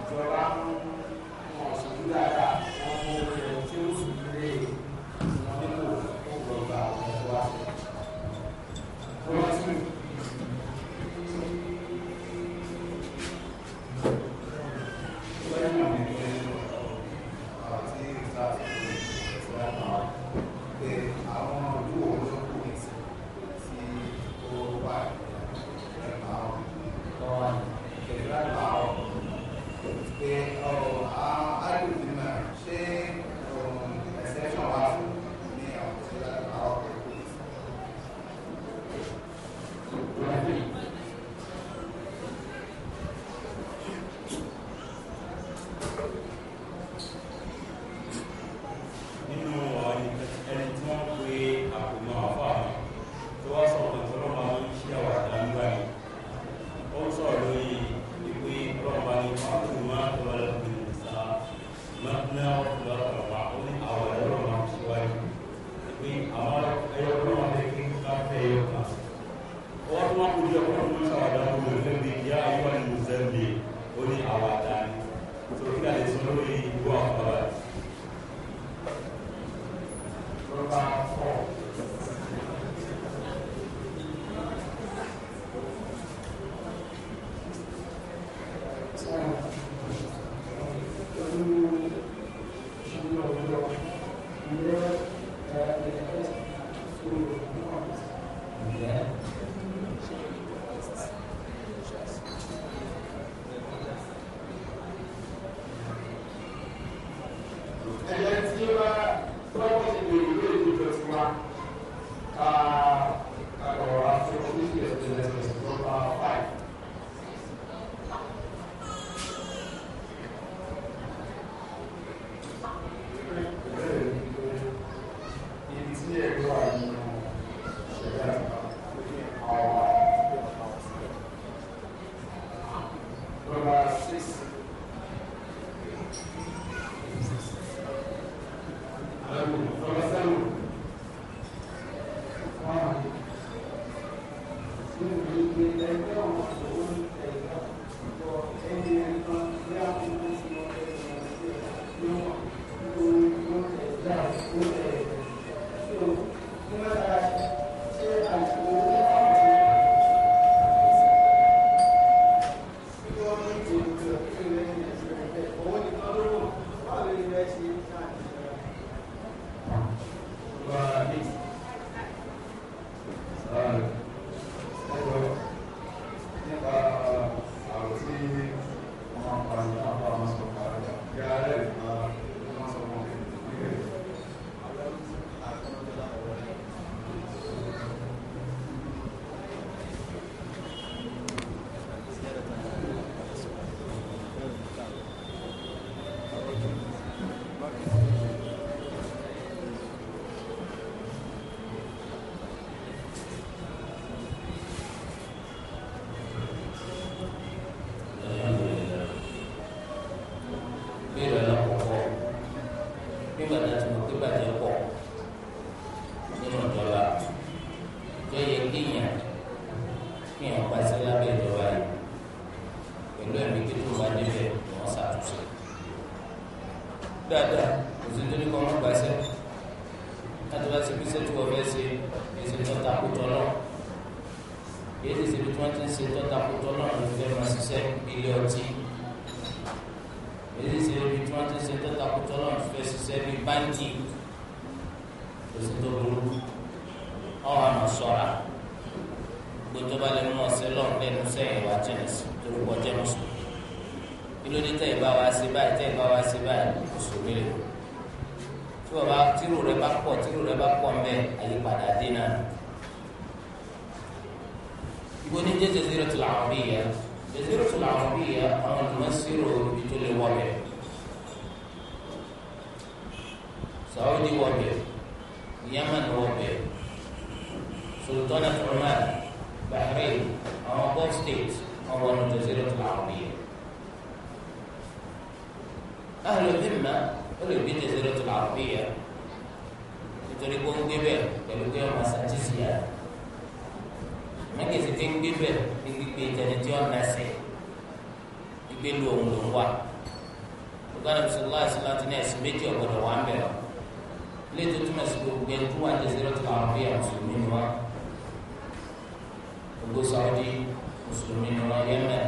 ìjọba ń sí ibi tí wọ́n ti ń ṣe tọ́ta kótó náà ló fẹ́ máa ṣiṣẹ́ ilé ọtí èyí sì ibi tí wọ́n ti ń ṣe tọ́ta kótó náà fẹ́ ṣiṣẹ́ bíi báńkì oṣù tó burú ọ̀hún àmọ̀ sọ̀ra gbogbo bá lè mú ọ̀sẹ̀ lọ́n lẹ́nu sẹ́yìn wá jẹ́nà sí torúkọ jẹ́ mùsùlùmí kí ló dé tẹ́ ìbá wa ṣe báyìí tẹ́ ìbá wa ṣe báyìí mùsùlùmí rẹ̀ tí wọ́n bá يقول هي الجزيرة العربية الجزيرة العربية أنا أمثل بكل وضع سعودي واقع يمن واقع سلطنة عمان بحرين أنا بول ستيت أنا الجزيرة العربية أهل الذمة قالوا بالجزيرة العربية يتركون جبال قالوا جبال مساجسيات wọn kì í sì ti ń gbé bẹ ní gbígbé ìtẹni tí wọn nàṣẹ gbígbé lu òun ló ń wà gbogbo àwọn bisalòlá àṣìlá ti wà ń bẹ ọ ilé tó túmọ̀ sí gbogbo ẹni tó wà ní zero to our pay mùsùlùmí ni wọn gbogbo Saudi mùsùlùmí ni wọn Yemen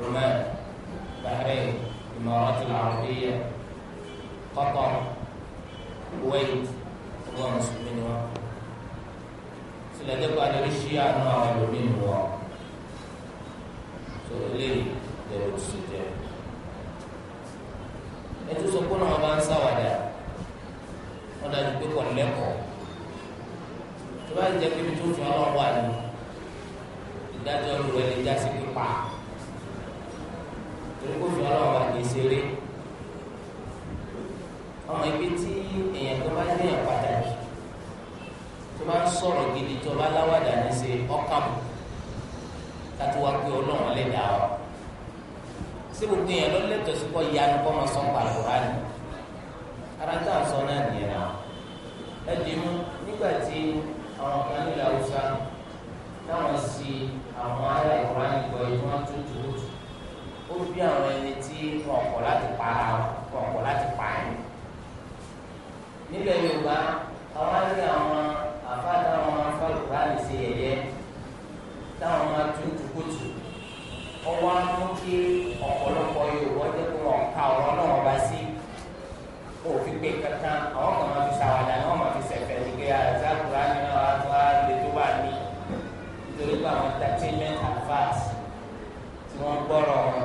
Roman Bahrain Imarat al-Arabiyya Qatar Kuwait gbogbo àwọn mùsùlùmí ni wọn. ìlẹ̀jẹ̀ kó adé ṣí àánú àwọn ẹlòmíì wọ̀ tó eléyìí lẹ́yìn tó ṣe jẹ́ ètò ìsopó náà wọn bá ń ṣàwàdà wọn dájú pé kò lẹ́kọ̀ọ́ tó bá jẹ́ pé ibi tó fi ọlọ́run wà ní ìdájọ́ olùwẹ̀ lè já sí pípa torí kò fi ọlọ́run wà ní ìṣeré ọmọ ibi tí èèyàn tó bá yẹ pàtàkì tó bá ń sọ̀rọ̀ gidi tó bá láwàdà ní ṣe ọ̀kàmù kátó wá pé ọlọ́run lẹ́dàá ọ. ṣé gbogbo èèyàn ló lẹ́tọ̀ sí kọ́ yanu kọ́ máa sọ́n pàlọ́ rà ní. ara tá à ń sọ náà nìyẹn náà. ẹ dìímú nígbà tí àwọn kan nílẹ̀ haúsá táwọn sí àwọn ará ìwà nìkan yìí wọ́n tún tún tún. ó bí àwọn ẹni tí wọn láti para wọn kọ̀ láti pààyàn. nílẹ̀ yorùbá àwọn á rí àwọn alukur'ani ṣe yẹ̀yẹ́ táwọn máa tún tukutu ọwọ́ mú kí ọ̀pọ̀lọpọ̀ yorùbá jẹ́ kó wọn ka ọ̀rọ̀ náà wọ́n bá sí òfin pé kankan àwọn kan máa fi ṣàwàdà ni wọ́n máa fi ṣẹ̀fẹ̀ nígbẹ́ àti alukur'ani ah, náà wà tó àlè tó wà ní nítorí pé àwọn entertainment advert tí wọ́n gbọ́rọ̀ wọn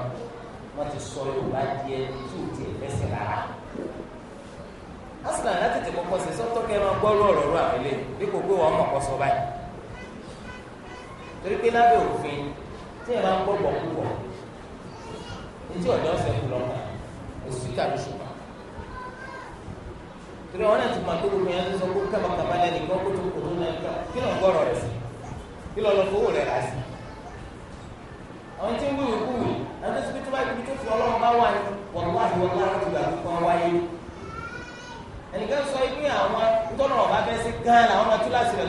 wọ́n ti sọ yorùbá di ẹni tí ò tiẹ̀ fẹ́sẹ̀ rárá asìlẹ̀ láti tẹ̀ kọ́kọ́ sí sọ́tọ́kẹ́ máa gbọ́rọ̀ ọ̀rọ̀ rú àmì lé dípò pé wọ́n mọ̀ kọ́ sọ báyìí torí pé lábẹ́ òfin tí ẹ̀ máa ń gbọ́ pọ̀ púpọ̀ etí ọ̀dọ́ ọ̀sẹ̀ kù lọ́kà òsì tàbí ṣùgbọ́n torí àwọn náà ti máa gbogbo yẹn tó sọ kó kábàkàbà lẹ́nu ìgbọ́ kó tó kò tó náà ká kí lọ́n gbọ́rọ̀ rẹ̀ sí kí lọ́n lọ fowó rẹ̀ rà sí. àwọn tí ń wúwo kúwì láti sọ pé tó bá tó fi ọlọ́run bá wà ní wàláhì wàláhì tó gbà kó wáyé.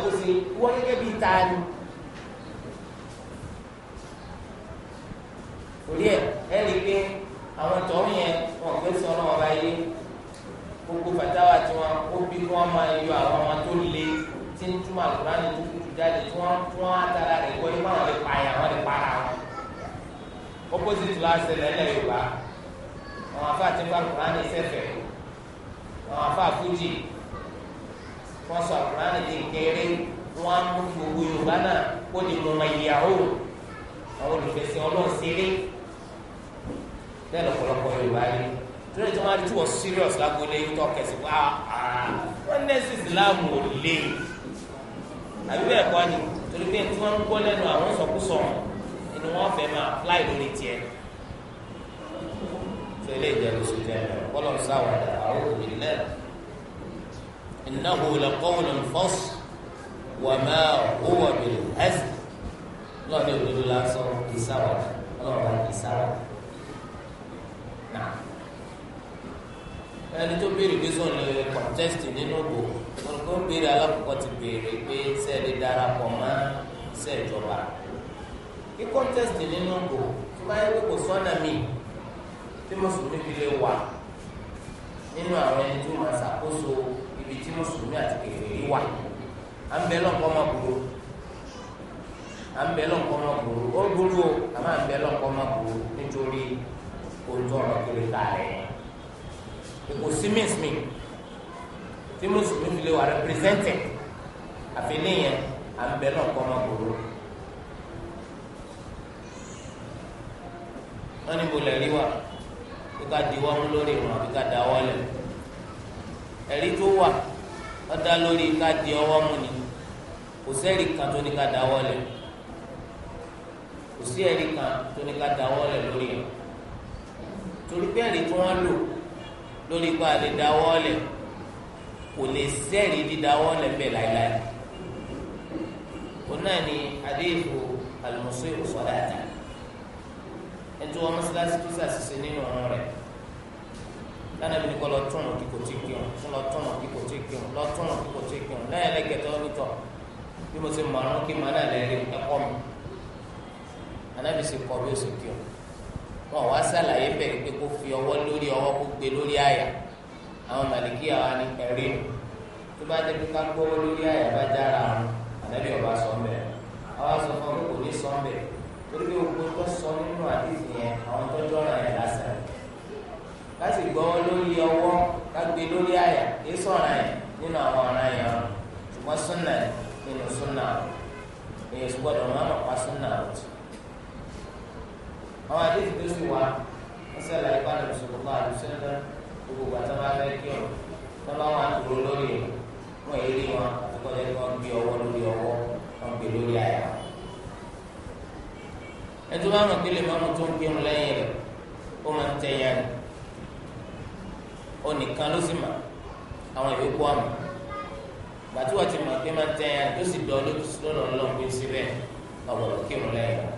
tó ṣe wọ́n gẹ́gẹ́ torí ẹ ẹ rí i pé àwọn tọ́rún yẹn wọn fẹ́ sọ náà wọn bá yé gbogbo fatawa tí wọn ó bí kí wọn máa yọ àwọn ọmọ tó le tí ń túmọ̀ àlùbáni tó kútu jáde tí wọn tí wọn atara rẹ̀ wọ́n yín wọn lè pa àyà wọn lè para wọn. opposite la ṣẹlẹ̀ ẹ̀ Yorùbá àwọn afa àti nípa àlùbáni sẹ́fẹ̀ àwọn afa àfújì wọn sọ àlùbáni di kéré wọn mú gbogbo Yorùbá náà kó di mọ̀mọ́ ìyàwó àwọn olùfẹ̀sẹ̀ ọlọ́ọ̀ṣẹ́rẹ́ bẹ́ẹ̀ lọ́pọ̀lọpọ̀ yorùbá yìí torí tí wọ́n á tún wọ́n serious lágbolé tó kẹsì wá wọ́n nẹ́ẹ̀sì ìsìláàmù ò lè àbí bẹ́ẹ̀ kọ́ ni torí pé tí wọ́n ń gbọ́ lẹ́nu àwọn sọkúsọ ni wọ́n fẹ́ máa apply lórí tiẹ̀ fẹ́lẹ́ ìjẹun sí jẹ́ kọ́lọ̀ sáwàdà àwọn òbí náà innahu laqawlun fasl wa ma huwa bil hazl lọ́ọ̀dẹ̀ òdodo lásán kì í sáwàdà ọlọ́run kì í sáwàdà. ẹni tó béèrè pé sọ ní kọ̀ǹtẹ́sìtì nínú òbò wọn kò béèrè ti béèrè pé sẹ́ẹ̀lì darapọ̀ mọ́ sẹ́ẹ̀jọba kí kọ̀ǹtẹ́sìtì nínú òbò tó bá yẹ pé kò sọ́nà tí mùsùlùmí fi lè wà nínú àwọn ẹni tó máa ibi tí mùsùlùmí àti wà à ń bẹ gbòòrò à ń bẹ gbòòrò ó gbòòrò à ń bẹ kò sí miss mi tí mùsùlùmí fi lè wà represented àfi níyẹn à ń bẹ náà kọ́ ọmọ gbòòrò. wọ́n ní bolẹ̀ rí wa bí ká di wọ́n mú lórí wọn àbí ká da wọ́n lẹ̀. ẹ̀rí tó wà ó dá lórí ká di ọwọ́ mú ni kò sẹ́ẹ̀rí kan tó ní ká da wọ́n lẹ̀ kò sí ẹ̀rí kan tó ní ká da wọ́n lẹ̀ lórí ẹ̀ torí bẹ́ẹ̀ rí tí wọ́n lò lórí pa àlè dáwọ́lẹ̀ kò lè sẹ́rìí dídáwọ́lẹ̀ bẹ́ẹ̀ láéláé onáà ni adéèfò àlùmọ́sọ́ ìrọ̀sọ́dá àti ẹtú wọn mọ́sálásí tó sàṣìṣe nínú ọ̀ràn rẹ̀ lánàá bí nìkan lọ tún wọn kíkò tí kí wọn lọ tún wọn kíkò tí kí wọn lọ tún kíkò tí kí wọn lẹ́yìn ẹlẹ́gẹ̀tẹ́ ọdún bí mo ti mọ̀ ọ́n kí màá nà lẹ́rìí ẹ̀kọ́ mi anábìsí kọ́ bí ó sì kí wọn wọn wá sàlàyé bẹ̀rẹ̀ pé kó fi ọwọ́ lórí ọwọ́ kó gbé lórí àyà àwọn màlìkí àwa ni ẹ̀rí nù tó bá jẹ́ pé ká gbọ́wọ́ lórí àyà bá dára àrùn ànábì ọba sọ́ńbẹ̀ àwa sọ fún ọkọ̀ ní sọ́ńbẹ̀ torí pé gbogbo tó sọ nínú àdìsí yẹn àwọn tó jọ́ràn yẹn lásán ká sì gbọ́wọ́ lórí ọwọ́ ká gbé lórí àyà kí sọ̀ràn yẹn nínú àwọn ọ̀ràn yẹn rùn ṣùgbọ́n súnà nínú súnà èyí ṣùgbọ́n àwọn àdéhùn tó sì wà wọ́n sẹ́la ipá lọ sọ̀rọ̀ bá àdùsẹ́lẹ̀ gbogbo àti bá fẹ́ kí ọ̀rọ̀ tọ́lá wà dúró lórí ẹ̀ wọ́n yé rí wọn àtúkọ́jẹ́ kí wọ́n gbé ọwọ́ lórí ọwọ́ wọ́n gbé lórí àyà. ẹtú bá mọ̀ pé lè mọ́mú tó ń gbénu lẹ́yìn rẹ̀ ó máa ń tẹ̀yà ni ó nìkan ló sì mà àwọn ìwé kó àmọ́ gbàtí wọ́n ti mọ̀ pé máa ń tẹ̀yà ni tó sì dọ̀ lójú lọ́nà ọlọ́run pé síbẹ̀ ọ̀gbọ̀n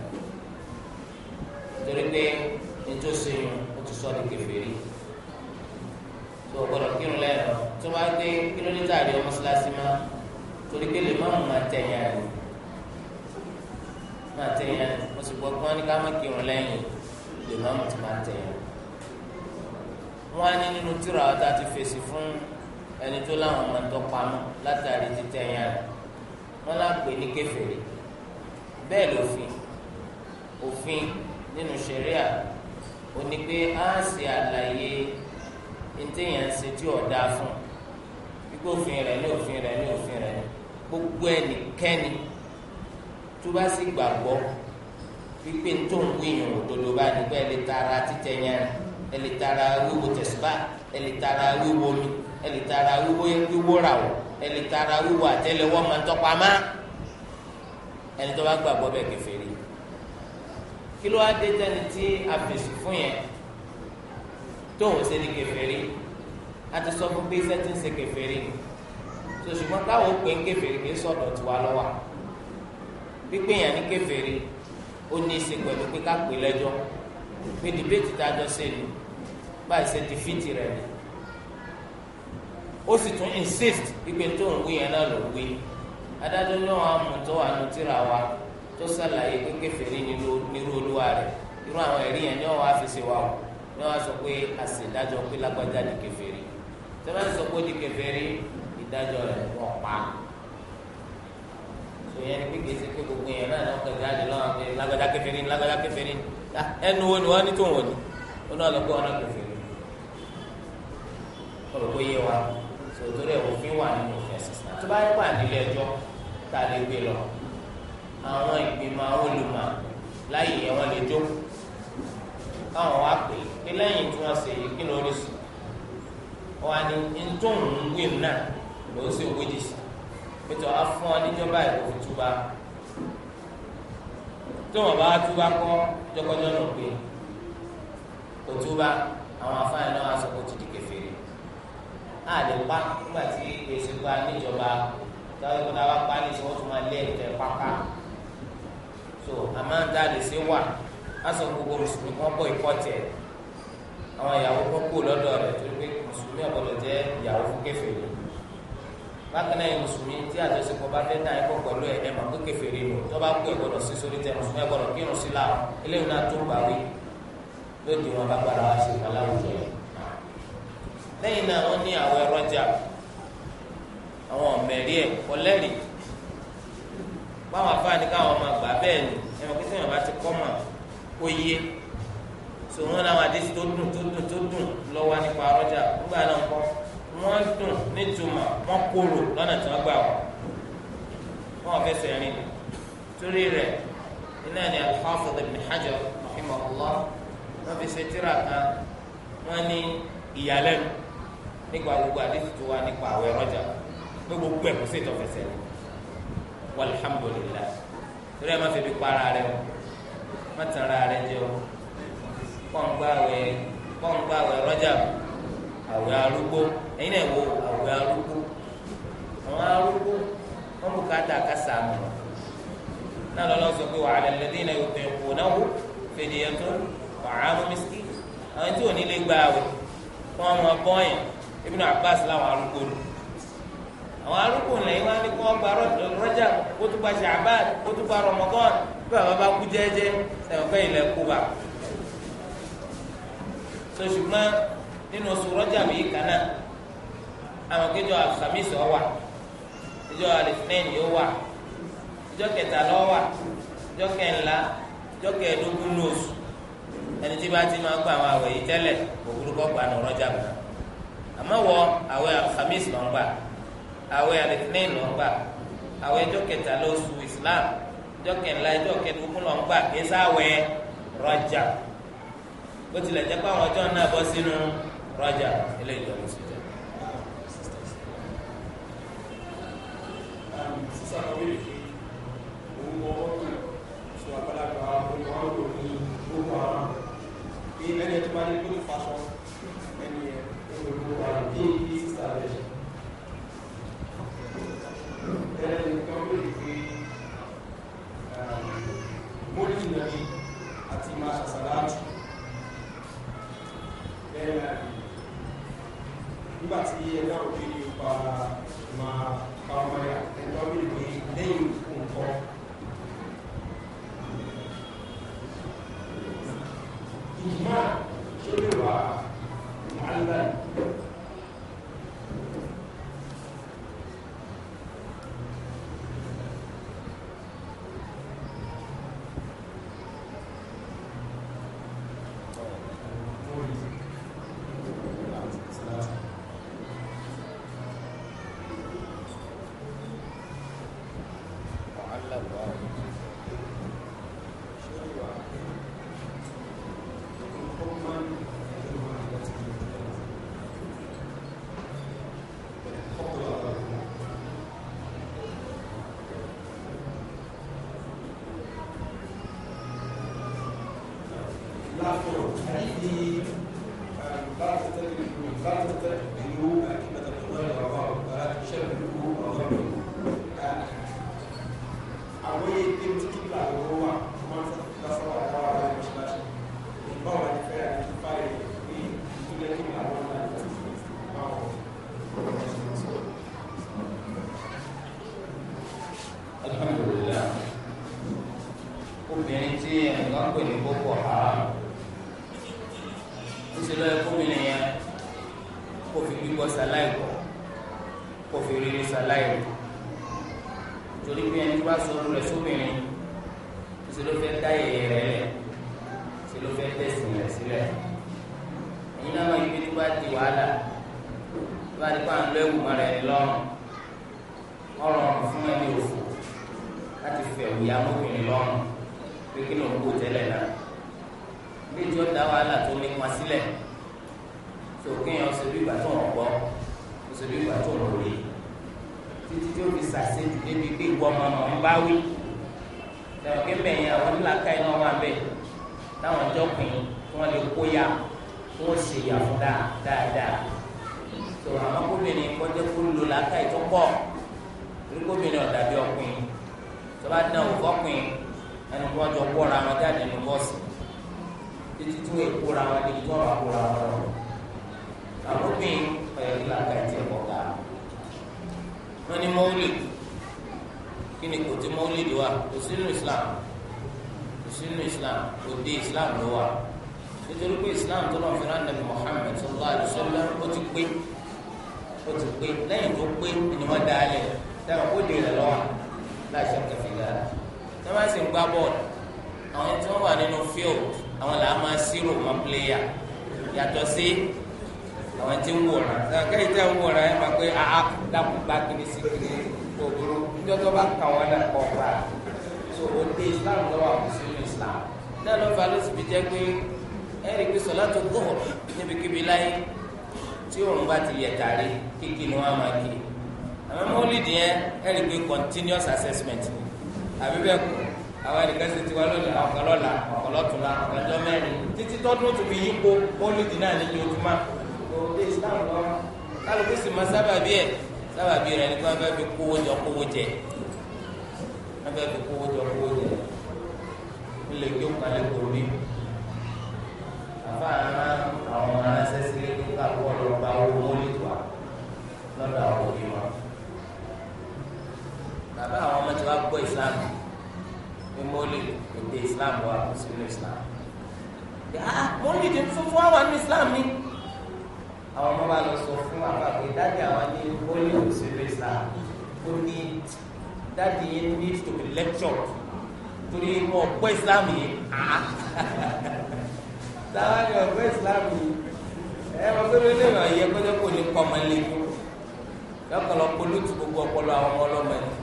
torí pé ètò sèyún ó ti sọ ní kèfèrí tó o gbọ́dọ̀ kírun lẹ́nu tó bá gbé kílómítà rí ọmọ síláṣí má torí pé lè má mú máa tẹ̀yìn àná máa tẹ̀yìn àná mo sì gbọ́ pé wọ́n ní ká má kírun lẹ́yìn lè má mú ti máa tẹ̀yìn àná wọ́n á ní nínú tíra ọ̀tá ti fèsì fún ẹni tó láwọn ọmọ tó pamọ́ látàrí títẹ̀yìn àná wọ́n lá ní kèfèrí bẹ́ẹ̀ lòfin òfin nínú ṣẹ̀ríà ó ní pé á ṣe àlàyé ntẹ̀yàn ṣe tí ọ̀dà fún gbogbo òfin rẹ̀ ní òfin rẹ̀ ní òfin rẹ̀ gbogbo ẹnikẹ́ni tó bá sì gbàgbọ́ pípé tó ń wíyàn òdodo bá nígbà ẹ lè tara títẹ̀ yẹn ẹ lè tara wíwo tẹ̀síbá ẹ lè tara wíwo mi ẹ lè tara wíwo rà wọ̀ ẹ lè tara wíwo àtẹlẹwọ́ máa ẹni tó bá gbàgbọ́ bẹ́ẹ̀ kèfèrí kí ló wá dé tẹni tí a fèsì fún yẹn tó ń ṣe ní kèfèrí a ti sọ fún pé iṣẹ́ ti ń ṣe kèfèrí tó ṣùgbọ́n táwọn pè ń kèfèrí kì í sọ̀dọ̀ tiwa lọ́wọ́ pípé yẹn ní kèfèrí ó ní í ṣe pẹ̀lú pé ká lẹ́jọ́ pé dìbéètì tá a jọ ṣe lò báyìí ṣe ti fìtì rẹ̀ ni ó sì tún insist pípé tó ń wí yẹn náà ló wí adájọ́ ní wọn àmọ̀ tó wà nù tíra wa tó sàlàyé pé kèfèrí nírú olúwa rẹ̀ irú àwọn ẹ̀rí yẹn ni wọ́n wá fi ṣe wa o ni wọ́n sọ pé àṣìdájọ́ pé lágbájá di kèfèrí tí sọ pé ó di kèfèrí ìdájọ́ rẹ̀ wọ́n pa so yẹn ni gbígbé sí pé gbogbo yẹn náà lọ́kọ̀ jáde lọ́wọ́ pé lágbájá kèfèrí lágbájá kèfèrí ẹnu wo ni wọ́n ní tó wọ̀nyí ó náà lọ pé ọ̀nà kèfèrí ọ̀rọ̀ pé yé wa sòtúrẹ̀ òfin wà nínú òfin tó bá yẹ pàdé ilé ẹjọ́ tá a lè gbé lọ láyé yẹn wọ́n lè jókòó káwọn wá pè é pé lẹ́yìn tí wọ́n ṣe yìí kí ló rí sùn wọ́n á ní ntòun wíìm náà ló ń ṣe òwúdì sí pẹ̀tọ́ afọ́n oníjọba ìlú túbà tó wọn bá túbà kọ́ jọkọjọ náà pé kò túbà àwọn afáàyàn náà aṣọ kò ti di kèfèrí á lè pa nígbà tí èsì gba níjọba táwọn ìgbọ́dá wa pa ní ìṣòwò tó máa lé ẹ̀jẹ̀ pápá so àmọ́ ń dáàlè sí wà aṣọ gbogbo mùsùlùmí kan bọ̀ ikọ́ tiẹ̀ àwọn ìyàwó kan kú lọ́dọ̀ rẹ̀ torí pé mùsùlùmí ọ̀gbọ́dọ̀ jẹ́ ìyàwó fún kèfèrí bákan náà mùsùlùmí tí àjọṣepọ̀ bá fẹ́ náà ẹ̀kọ́ pẹ̀lú ẹ̀ ẹ̀mọ̀ pé kèfèrí nù tó bá kú ẹ̀gbọ́dọ̀ sí sórí tẹ mùsùlùmí ẹ̀gbọ́dọ̀ kírun sí láwọn eléyìí náà tó gbà wí lóde wọn bá gbára wá sí ìpaláwùjọ yẹn lẹ́yìn náà wọ́n ní àwọn ẹ̀rọ́jà àwọn ọ̀mẹ̀rí ẹ̀ kọ́lẹ́rì báwọn afáàní káwọn máa gb bẹ́ẹ̀ ni ẹ̀ mọ̀ pé sẹ́yìn bá ti kọ́ mà ó yé so wọn làwọn àdéhùn tó dùn tó dùn tó dùn lọ́wọ́ nípa ọjà nígbà náà kọ́ wọ́n dùn nítumọ̀ wọ́n kóró lọ́nà tí wọ́n gbà wọ́n wọ́n fẹ́ sọ ẹ̀rín torí rẹ̀ iná ni al-Hafiz ibn Hajar rahimahullah wọ́n fi ṣe tíra kan wọ́n ní ìyàlẹ́nu nípa gbogbo àdéhùn tó wà nípa àwẹ̀ ọjà gbogbo pẹ̀ kó sì tọ́ torí ẹ má fi bi para rẹ o má tàn ra rẹ jẹ o pọ́ǹgbà wẹ pọ́ǹgbà wẹ rọ́jà àwẹ̀ arúgbó ẹ̀yin náà wo àwẹ̀ arúgbó àwọn arúgbó wọn bù ká dà ká sàmù náà lọ́lọ́ sọ pé wàhálà lẹ́dí náà yóò tẹ̀ kó náà wò fèdè tó wàhálà mísíkì àwọn tí ò ní lè gbà wẹ̀ kó wọn mọ bọ́ọ̀yàn Abbas láwọn arúgbó lò. àwọn arúgbòǹlẹ̀ yìí wọ́n á ní kó rọjà gba rọ́jà kó tó gba ṣàbáà kó tó gba rọmọgán bí bá kú jẹ́ẹ́jẹ́ sẹ́wọ̀n fẹ́ ilẹ̀ kú bá. sọ̀ṣùgbọ́n nínú oṣù rọ́jà mi yìí àwọn kéjọ àlùsàmísì ọ̀wà ìjọ àlìfínẹ́ẹ̀nì kẹta lọ́wà kẹńlá ẹni tí bá ti máa àwọn tẹ́lẹ̀ àmọ́ wọ àwẹ̀ àlùsàmísì ń gbà. àwẹ̀ àlẹtìlẹyìn lọ ń gbà àwẹ̀ ẹjọ́ su islam ẹjọ́ kẹńlá ẹjọ́ kẹdùnkún lọ ń gbà kí ẹ sáwẹ̀ rọjà bó tilẹ̀ jẹ́ pé àwọn ọjọ́ náà bọ́ sínú rọjà ilé ìjọba sí jẹ. ní gbogbo tó bá ní ànábì àti máa ṣàṣàláàtù bẹ́ẹ̀ náà ni nígbà tí ẹ̀dá òbí ni ó pa máa pa ọmọ rẹ̀ ẹ̀dá òbí النار فروض هل دي درجه التركه fẹ̀rù ya mọ́kùnrin lọ́rùn pé kí ló ń kó tẹ́lẹ̀ náà bí tí ó dá wàhálà tó ní wọn sílẹ̀ tó kéèyàn ṣe bí ìgbà tó ń gbọ́ ó ṣe bí ìgbà tó ń lòlè títí tí ó fi ṣàṣe débi pé ìwọ ọmọ ọmọ ń bá wí lẹ́yìn pé mẹ́yìn àwọn nílàkà iná wà bẹ́ẹ̀ táwọn ọjọ́ pin tí wọ́n lè kó ya tí wọ́n ṣe yà fún dáadáa tó àwọn gómìnà kọjá kó lò lákà ìtọ́pọ̀ torí gómìnà ọ̀dàbí ọkùnrin tọ́ba ní àwọn fọ́pin ẹnu kí wọ́n jọ kóra wọn jáde ní bọ́ọ̀sì títí tí wọ́n kóra wọn ní ìjọ wà kóra wọn lọ. àbúgbìn ọ̀yọ́ ìlà kàìtì ẹ̀kọ́ ga wọ́n ní mọ́wúlì kí ni kò tí mọ́wúlì lè wà kò sí nínú Islam kò sí nínú Islam kò dé Islam ló wà nítorí pé Islam tó lọ́n fi rán nàbì Muhammad sallallahu alaihi wasallam ó ti pé ó ti pé lẹ́yìn tó pé ni wọ́n dá a lẹ̀ dáhùn ó dé rẹ̀ lọ́wọ́ láì ṣe kẹfẹ́ wọ́n bá sì ń gbá bọ́ọ̀lù àwọn ẹni tí wọ́n wà nínú field àwọn làá máa ṣírò mọ́ pléyà yàtọ̀ sí àwọn tí ń wòran kẹ́yìn tẹ́ ń wòran ẹ máa pé àá dàpọ̀ gbá kiri sí kiri kò níjọ́ tó bá kà wọ́n náà kọ̀ gbà so o dé Islam lọ́wọ́ àwọn sínú Islam náà ló fa ló sì fi jẹ́ pé ẹ̀rí pé sọlá tó gbọ́ níbikíbi láyé tí òun bá ti yẹ tàrí kíkì ni wọ́n á máa kí àmọ́ mọ́lídìí yẹn ẹ̀rí pé continuous assessment ni àbí bẹ́ẹ̀ kọ́ àwọn ẹnìkan ṣe tiwa lónìí ọ̀kan lọ́la ọ̀kan lọ́tùnla ọ̀kan jọ mẹ́rin títí tọ́dún tó fi yípo mọ́lídìí náà ní yorùbá òde islam lọ́wọ́ kálukú sì máa sábàbí ẹ̀ sábàbí rẹ̀ ni kí wọ́n fẹ́ fi kówó jọ kówó jẹ wọ́n fẹ́ fi kówó jọ kówó jẹ ilé kí ó kalẹ̀ kò rí àfa àwọn aránsẹ́sílẹ̀ nípa kó ọlọ́ba owó mọ́lídìí wa lọ́dọ̀ àwọn òbí wọn bàbá àwọn ọmọ tí wàá gbọ́ islam pé mọ́lẹ̀ èdè islam wà kó islam mo ń dìde fúnfún àwọn àmì islam ni àwọn ọmọ bá lọ sọ fún àpapọ̀ ìdájì àwọn ní mọ́lẹ̀ kó islam ó ní dáàdi yẹn ní to be lectured torí wọn ọ̀pọ̀ islam yìí táwọn ní ọ̀pọ̀ islam yìí ẹ wọ́n pé lóde ìrọ̀ yẹ kó jẹ́ kó ní kọ́ ọmọ ilé yọkọlọ polútù gbogbo ọpọlọ àwọn ọmọ ọlọ́mọ yìí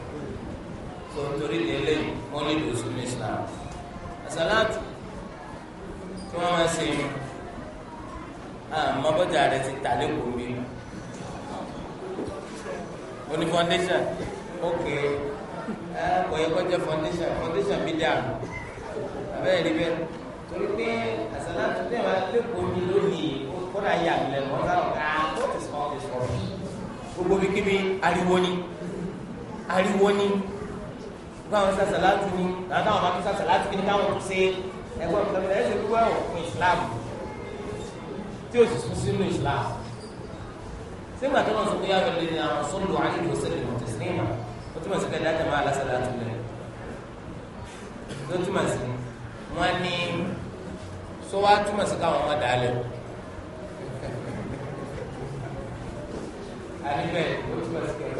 tó ń torí di eléyìí wọ́n lè lò sínú islam àsàlátù tí wọ́n máa ń ṣe yìí àmọ́ bọ́jà ti tà lẹ́kọ̀ọ́ mi oní foundation ok kò yẹ kó jẹ foundation foundation mi dà nù abẹ́rẹ́ rí bẹ́ẹ̀ torí pé àsàlátù tí wọ́n lẹ́kọ̀ọ́ mi lónìí kó náà yà mí lẹ́nu wọ́n sábà ká ah, what is all this for gbogbo mi kí mi ariwo ni ariwo ni pé àwọn sàṣà láti ní àtàwọn máa tún sàṣà láti kí ni káwọn ṣe ẹgbẹ́ ìtọ́jú ẹ̀ṣẹ̀ wíwá ẹ̀wọ̀n fún Islam tí ó sì sún sínú Islam sígbà tó lọ sọ pé yàtọ̀ lè ní àwọn sọ́ọ̀lù àyèlú sẹ́lẹ̀ mọ̀ tẹ̀sí níma ó túmọ̀ sí kẹ́lẹ́ àjàmọ́ aláṣẹ láti lẹ̀ ló túmọ̀ sí wọn ní sọ́wọ́ túmọ̀ sí káwọn ọmọ dàálẹ̀ àdìbẹ̀ ló túmọ̀ sí kẹ́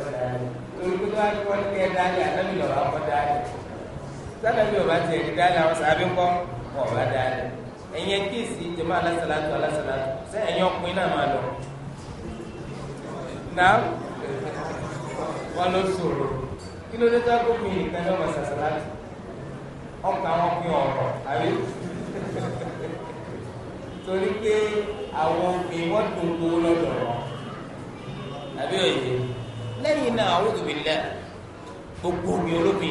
olùkọ́ tó wá ní wọ́n kẹ́ dálé ànábì lọ́wọ́ akọ́ dálé sanabi ọba tiẹ̀ di dálé àwọn sàbí kọ́ wọ́n ọba dálé ẹ̀yin kéèsì jẹ́mọ́ alásàlátù alásàlátù sẹ́ ẹ̀yin ọkùnrin náà máa lọ. nà wọ́n ló sòrò kí ló dé tó agbókùn yìí nìkan náà wọ́n sàsàlátù ọkọ̀ àwọn ọkùnrin ọ̀rọ̀ àbí wọn àbí òye. lẹ́yìn náà àwọn òbí lẹ gbogbo olóbi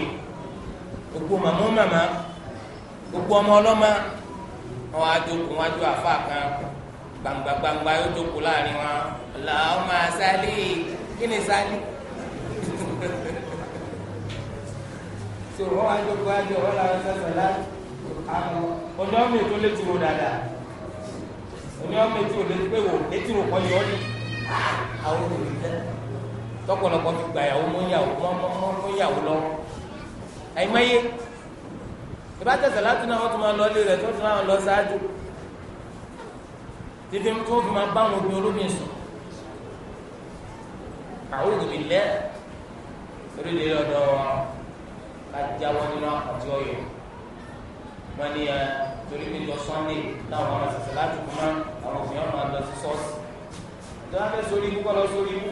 gbogbo màmú màmá gbogbo ọmọ ọlọ́mọ wọn adókòó wọn adó kan gbangba gbangba yóò láàrin wọn làwọn máa sálí kí ni sálí tó wọn wá adó wọn làwọn sọsọ láti àwọn mi tó lè mi tó lè pé wò kọ́ yọ ọ́ ni ah, tọ́pọ̀lọpọ̀ fi gba ìyàwó mọ́ ìyàwó mọ́ ìyàwó lọ àìmọye ìbá tẹ̀sẹ̀ láti náà wọ́n tún máa lọ ilé rẹ̀ tó tún máa lọ ṣáájú títí tó fi máa bá àwọn obìnrin olóbìnrin sùn àwọn òbí lẹ́ torí lè lọ́dọ̀ kájáwọ́ nínú àkọ́tí ọ̀yọ́ wọ́n ní ẹ torí mi lọ sunday láwọn ọmọ ṣẹ̀ṣẹ̀ láti kú mọ́ àwọn òbí ọmọ àlọ́ sí ṣọ́ọ̀ṣì ìjọba fẹ́ sórí ikú kọ́ lọ sórí ikú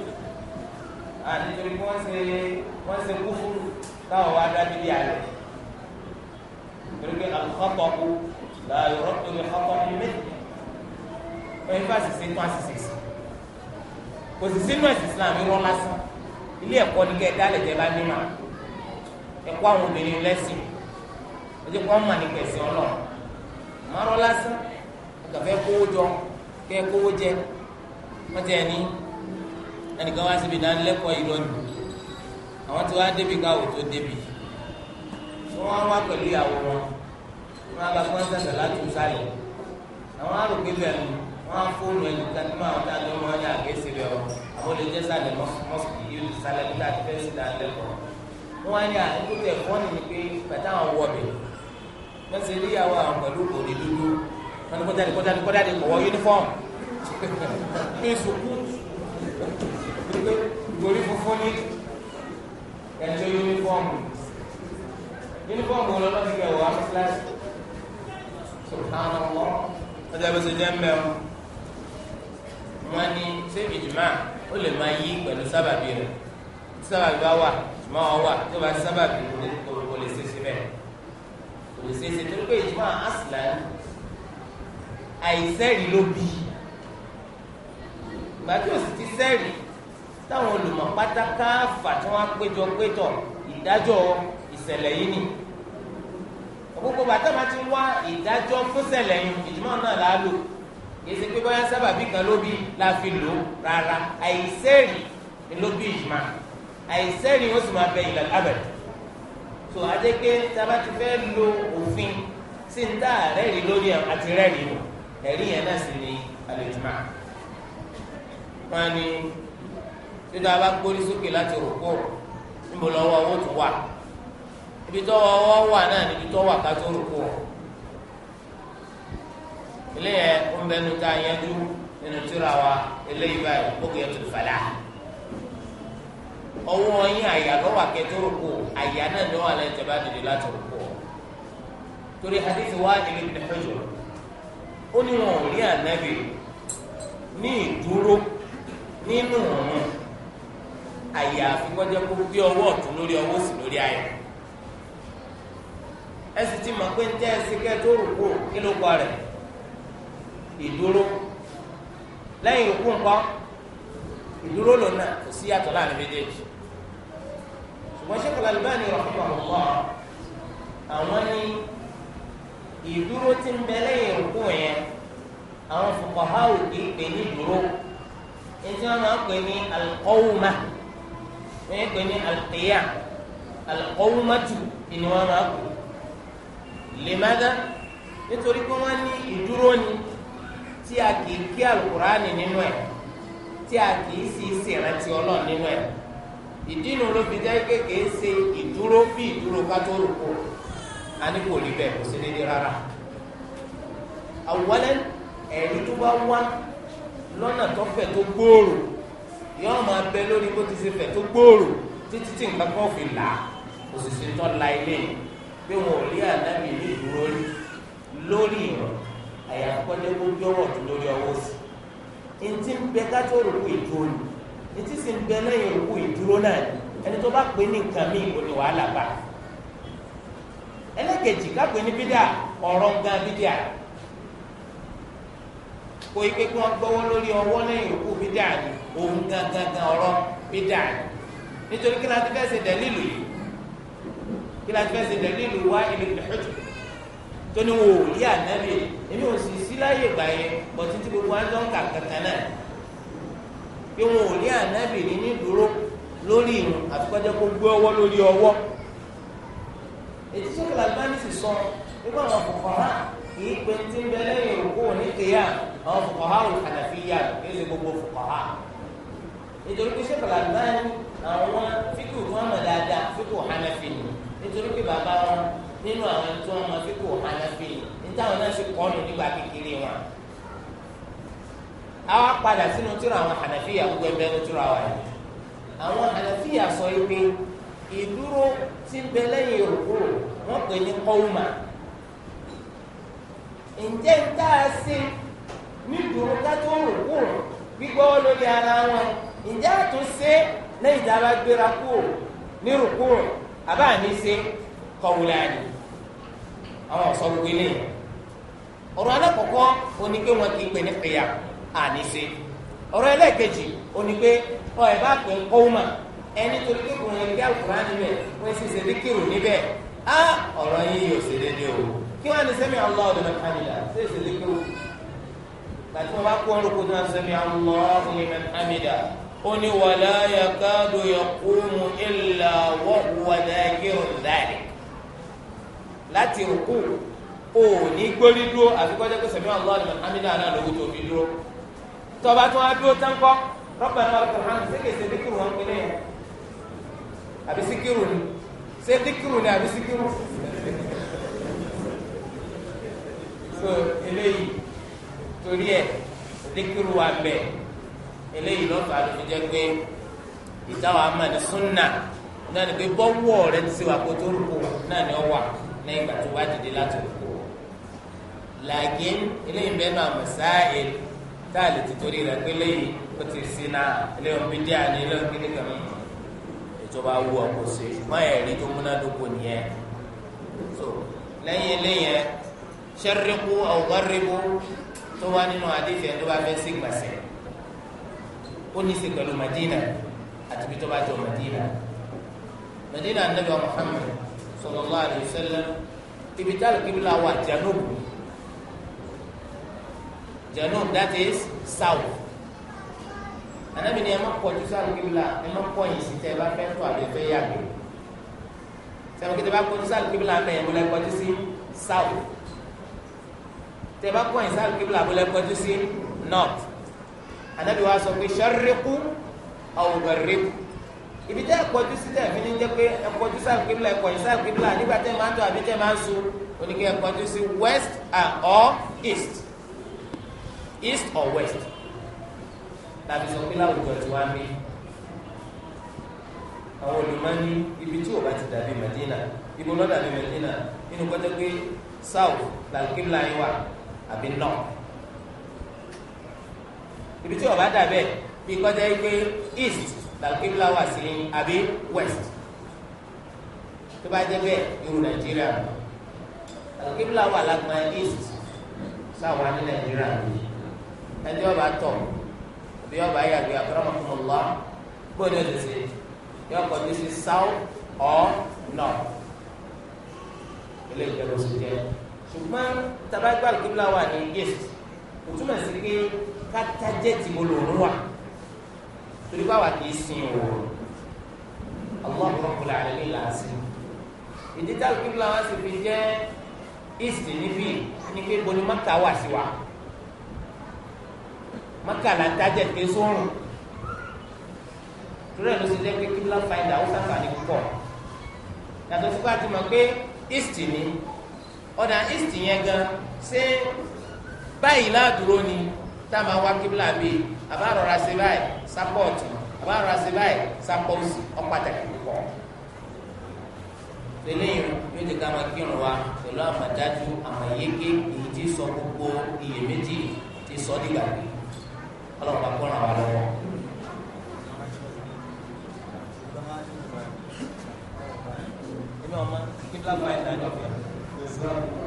nítorí pé wọ́n ṣe wọ́n ṣe kúfúrú táwọn wá dá bíbí àlẹ́ torí pé àlùkọ́tọ̀kù làyọ̀rọ̀ tó lè kọ́tọ̀kù méjì ẹ̀yin bá sì ṣe tó àṣìṣe sí kò sì sínú ẹ̀sìn Islam irọ́ lásán ilé ẹ̀kọ́ ni kẹ́ ẹ dálẹ̀ jẹ́ bá nímọ̀ ẹ̀kọ́ àwọn obìnrin lẹ́sìn ẹ̀jẹ̀ kó ọmọ nípa ẹ̀sìn ọlọ́run márọ́ lásán ẹ̀kàfẹ́ kówó jọ kẹ́ kówó jẹ wọ́n ẹnìkan wá síbi ìdánilẹ́kọ̀ọ́ irọ́ ni àwọn tí wàá débi ká wò tó débi wọ́n wá wá pẹ̀lú ìyàwó wọn wọ́n á lọ fún ẹsẹ̀ láti sálẹ̀ àwọn arògbé bẹ̀rù wọ́n á fóònù ẹni kanimọ́ àwọn tá a lọ wọ́n yà gẹ̀ẹ́sì rẹ̀ ọ́ àwọn olè jẹ́ sálẹ̀ mọ́sùkì yìí olè sálẹ̀ níta àti fẹ́ẹ́ sì dánilẹ́kọ̀ọ́ wọ́n wá ní àdúgbò fọ́ọ̀nù ni pé pẹ̀tà àwọn wọ̀bẹ̀ wọ́n ti rí ìyàwó àwọn pẹ̀lú òde dúdú wọ́n ní kọ́jáde kọ́jáde kọ́jáde ìgbórí funfun ní ẹ̀jọ́ yúnífọ́ọ̀mù yúnífọ́ọ̀mù wọn lọ́dọ̀ ti kẹ̀ wọ́n á kíláàsì subhanallah ọjà bó ṣe jẹ́ mẹ́rin wọ́n ní ṣé ìjùmọ̀ ó lè máa yí pẹ̀lú sábàbí rẹ̀ tí sábàbí bá wà ìjùmọ̀ wọn wà tó bá sábàbí kò lè ṣe síbẹ̀ kò lè ṣe ṣe torí pé ìjùmọ̀ àṣìlá àìsẹ́rì ló bí i ìgbà tí o sì ti sẹ́rì táwọn olùmọ̀ pátákà fà tí wọ́n á péjọ péjọ ìdájọ́ ìṣẹ̀lẹ̀ yìí ni gbogbo bàtà máa ti wá ìdájọ́ fúnṣẹ̀lẹ̀ yìí ìjùmọ̀ náà là á lò èsì pé bóyá sábàbí kan ló bí la fi lò rárá àìsẹ́rì ni ló bí ìjùmọ̀ àìsẹ́rì ó sì máa bẹ ìlà abẹ̀rẹ̀ tó adé pé tába ti fẹ́ lo òfin sí ń dá rẹ́rìí lórí ẹ̀ àti rẹ́rìí nù ẹ̀rí yẹn náà sì ni àlejò títa bá gbórí sókè láti rògbò níbo lọ́wọ́ owó tó wà ibi tó ọwọ́ wà náà níbi tó wà ká tó rògbò ilé yẹ ń bẹnu tá a yẹn dúró nínú tíra wa eléyìí báyìí bókè tó fàlà ọwọ́ yín àyà lọ́wọ́ akẹ́tọ́rọ̀kọ àyà náà ni wọ́n alẹ́ tẹ̀bá dìde láti rọ̀kọ. torí hadith wa ni ibi fẹ́jọ́ ó ní wọn ò rí ànábì ní ìdúró nínú ọ̀run àyàfi kọjá kó gbé ọwọ́ ọ̀tún lórí ọwọ́ òsì lórí ayọ̀ ẹ sì ti mọ̀ pé ń tẹ́ ẹ sí kẹ́ tó rùkú kí ló kọ rẹ̀ ìdúró lẹ́yìn rùkú nǹkan ìdúró lòna kò sí yàtọ̀ láàrin méjèèjì ṣùgbọ́n ṣẹ́kọ̀ọ́ Al-Albani rahimahullah àwọn ní ìdúró tí ń bẹ lẹ́yìn rùkú yẹn àwọn fuqaha òkè pè ní ìdúró ẹni tí wọ́n máa ń pè ní al wọ́n yẹ pé ní alqiyam alqawmatu ni wọ́n máa kú lèmádá nítorí pé wọ́n ní ìdúró ni tí a kì í kí alukuraani nínú ẹ̀ tí a kì í sì ṣèrántí ọlọ́run nínú ẹ̀ ìdí nu ló fi jẹ́ kékeré ṣe ìdúró bí ìdúró kátó rúkú a kò rí bẹ́ẹ̀ kò sí dédé rárá àwọlẹ́ ẹ̀rí tó bá wá lọ́nà tó fẹ̀ tó gbòòrò yọ ọ máa bẹ lórí bó ti ṣe fẹ̀ tó gbòòrò títí tí nǹkan kan fi là òṣìṣẹ́ tó la ilé pé wọn ò rí ànábì ní ìdúró rí lórí ìrọ̀ àyàkọ́jẹ́ kó jọ́wọ́ tó lórí ọwọ́ sí i ntí ń bẹ kájọ́ òrùkú ìdúró ni ntí sì ń bẹ lẹ́yìn òrùkú ìdúró náà ni ẹni tó bá pè ní nǹkan míì kò ní wàhálà bá ẹlẹ́kẹ̀jì ká pè ní bídà ọ̀rọ̀ gan bídà kó yí pé kí wọ́n gbọ́wọ́ lórí ọwọ́ lẹ́yìn òkú bídà ni òun gangan ọ̀rọ̀ bídà ni nítorí kí láti fẹ́ ṣe dẹ́lílù yìí kí láti fẹ́ ṣe dẹ́lílù wá ilé ìdòhùtù tó ní wò rí ànábì èmi ò sì sí láyè gbà yẹn bọ̀tí tí gbogbo wa ń dán kà kankan náà pé wọn ò rí ànábì ní ní dúró lórí ìrùn àfikọ́jẹ́ kó gbé ọwọ́ lórí ọwọ́ ètí sọ́kìlà gbá ní sì sọ nígbà wọn kò fọ́nrán àwọn fòkànhá olùkànàfíyà kéde gbogbo fòkànhá nítorí pé sèkòlá náà àwọn fíkù wọn mọ̀ dáadáa fíkù hànàfí ni nítorí pé bàbá wọn nínú àwọn ẹni tí wọn mọ̀ fíkù hànàfí níta wọn náà ṣe kọ́nù nígbà kékeré wọn. àwa padà sínú tíra àwọn hànàfíyà gbogbo ẹgbẹ́ ní tíra wa yìí àwọn hànàfíyà sọ yìí pé ìdúró tí ń bẹ lẹ́yìn wọn pè ní kọ́wùmà ǹjẹ́ ń tá a ṣe nídùú ká tó rò kú rò gbígbọ́wọ́ lórí ara wọn ǹjẹ́ àtúnṣe lẹ́yìn tá a bá gbéra kú rò ní rò kú rò àbá ní ṣe kọ̀wùlẹ̀ àdì àwọn ọ̀sọ́ gbogbo ilé ọ̀rọ̀ alákọ̀ọ́kọ́ oní pé wọn kì í pè ní pèyà àní ṣe ọ̀rọ̀ ẹlẹ́ẹ̀kejì oní pé ọ̀ ẹ̀ bá pè ń kọ́wùmà ẹni torí pé kùnrin ẹgbẹ́ àkùnrin níbẹ̀ wọ́n sì ṣe díkìrù níbẹ̀ á ọ̀rọ̀ yìí yóò ṣe déédéé o kí wọ́n ní sẹ́mi ọlọ́ọ̀dún náà ṣe é ṣe díkìrù gbàtí wọn bá kó ọrùn kó tó náà sẹmi Allahu liman hamida ó ní wàlá yakadu yaqumu illa wa huwa dakirun dhalik láti rúkú ó ní gbórí dúró àfi kọjá pé sẹmi Allahu liman hamida náà lówó tó fi dúró tọba tó wá dúró táńkọ Rabbana wa lakal hamd sékèsè díkìrù wọn pinnu yẹn àbí síkìrù ni sé díkìrù ni àbí síkìrù so eléyìí torí ẹ̀ zikiru wa bẹ̀ eléyìí lọ́fà ló fi jẹ́ pé ìtawà amadi sunna náà ni pé bọ́wọ́ rẹ ti wà kó tó rúkú náà ni ọ wà lẹ́yìn ìgbà tó wá dìde láti rúkú làákín eléyìí bẹ́ẹ̀ náà mọ̀sáìl tá a lè ti torí rẹ pé léyìí ó ti sí náà eléyìí omi díà ní eléyìí kí ni kàmí ìjọba wú ọkọ̀ sí wọ́n ẹ̀rí tó múnádóko nìyẹn so lẹ́yìn eléyìí ṣẹ́ríkú ọ̀gọ́rìbú tó wá nínú àdéhìí ẹni tó bá fẹ́ sí gbàsẹ̀ ó ní í ṣe pẹ̀lú Madina àti bí tó bá jọ Madina Madina anabi Muhammad sallallahu alayhi wa sallam ibi tá al-qibla wà janub janub that is south anabi ni ẹ má pọ̀ ju sí al-qibla ẹ má pọ̀ yìí sí tẹ́ ẹ bá fẹ́ tó àbí fẹ́ yàgbé sẹ́wọ́n kí tẹ́ bá pọ̀ ju sí al-qibla ẹ mọ́ lẹ́ pọ̀ ju sí south tẹ bá pọ̀ ìsáàlù kíbla àbúlé kọjú sí north anabi wa sọ pé sharriqu aw gharriqu ibi tẹ́ ẹ̀kọ́jú sí tẹ̀ fi ní jẹ́ pé ẹ̀kọ́jú sáàlù kíbla ẹ̀kọ́ ìsáàlù kíbla nígbà tẹ́ máa ń tọ́ àbí tẹ́ máa ń sun oníkẹ́ ẹ̀kọ́jú sí west and or east east or west tàbí sọ pé láwùjọ tí wàá mi àwọn olùmọ́ni ibi tí ò bá ti dàbí Madina ibo ló dàbí Madina nínú kọ́tẹ́ pé south làlùkíbla yín wà àbí nọ ibi tí ọba dà bẹ́ẹ̀ bí kọjá yìí pé east làkébìlà wà sí àbí west tó bá jẹ́ bẹ́ẹ̀ irú nàìjíríà làkébìlà wà lágbọn east sáwọn ní nàìjíríà ẹni ọba tọ̀ bí ọba yàgbé akramakumullah gbọ́dọ̀ lè ṣe yọ kọ bí sí south or north ilé ìjọba oṣù jẹ ṣùgbọ́n tabagba kibla wà ní east kò túmọ̀ sí pé kátájẹ́tì mo lòún wà torí pé àwa kì í sin òòrùn Allah Rabbul Alamin là á sin ìdí tá kibla wà sì fi jẹ́ east níbí ni pé bọ́ni maka wà sí wa maka là ń tájẹ́ pé sórùn ló ti jẹ́ kibla finder ó sáfà ní púpọ̀ yàtọ̀ sí pé a ti east ni ọ̀dà east yẹn gan ṣé báyìí ládùúró ni tá a máa wá kíbla bíi àbárọ̀ra ṣe báyìí sápọ̀tì àbárọ̀ra ṣe báyìí sápọ̀tì ọ̀pàtàkì púpọ̀ eléyìí yóò ti ká máa kírun wa pẹ̀lú àmọ̀dájú àmọ̀yéké èyí tí sọ gbogbo iyèméjì ti sọ nígbà pé ọlọ́run bá kọ́ràn wa lọ́wọ́. ẹ̀mí ọmọ kí n lágbàá ẹ̀ dájọ́ Yes.